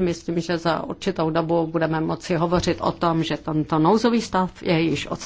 Myslím, že za určitou dobu budeme moci hovořit o tom, že tento nouzový stav je již odstaven.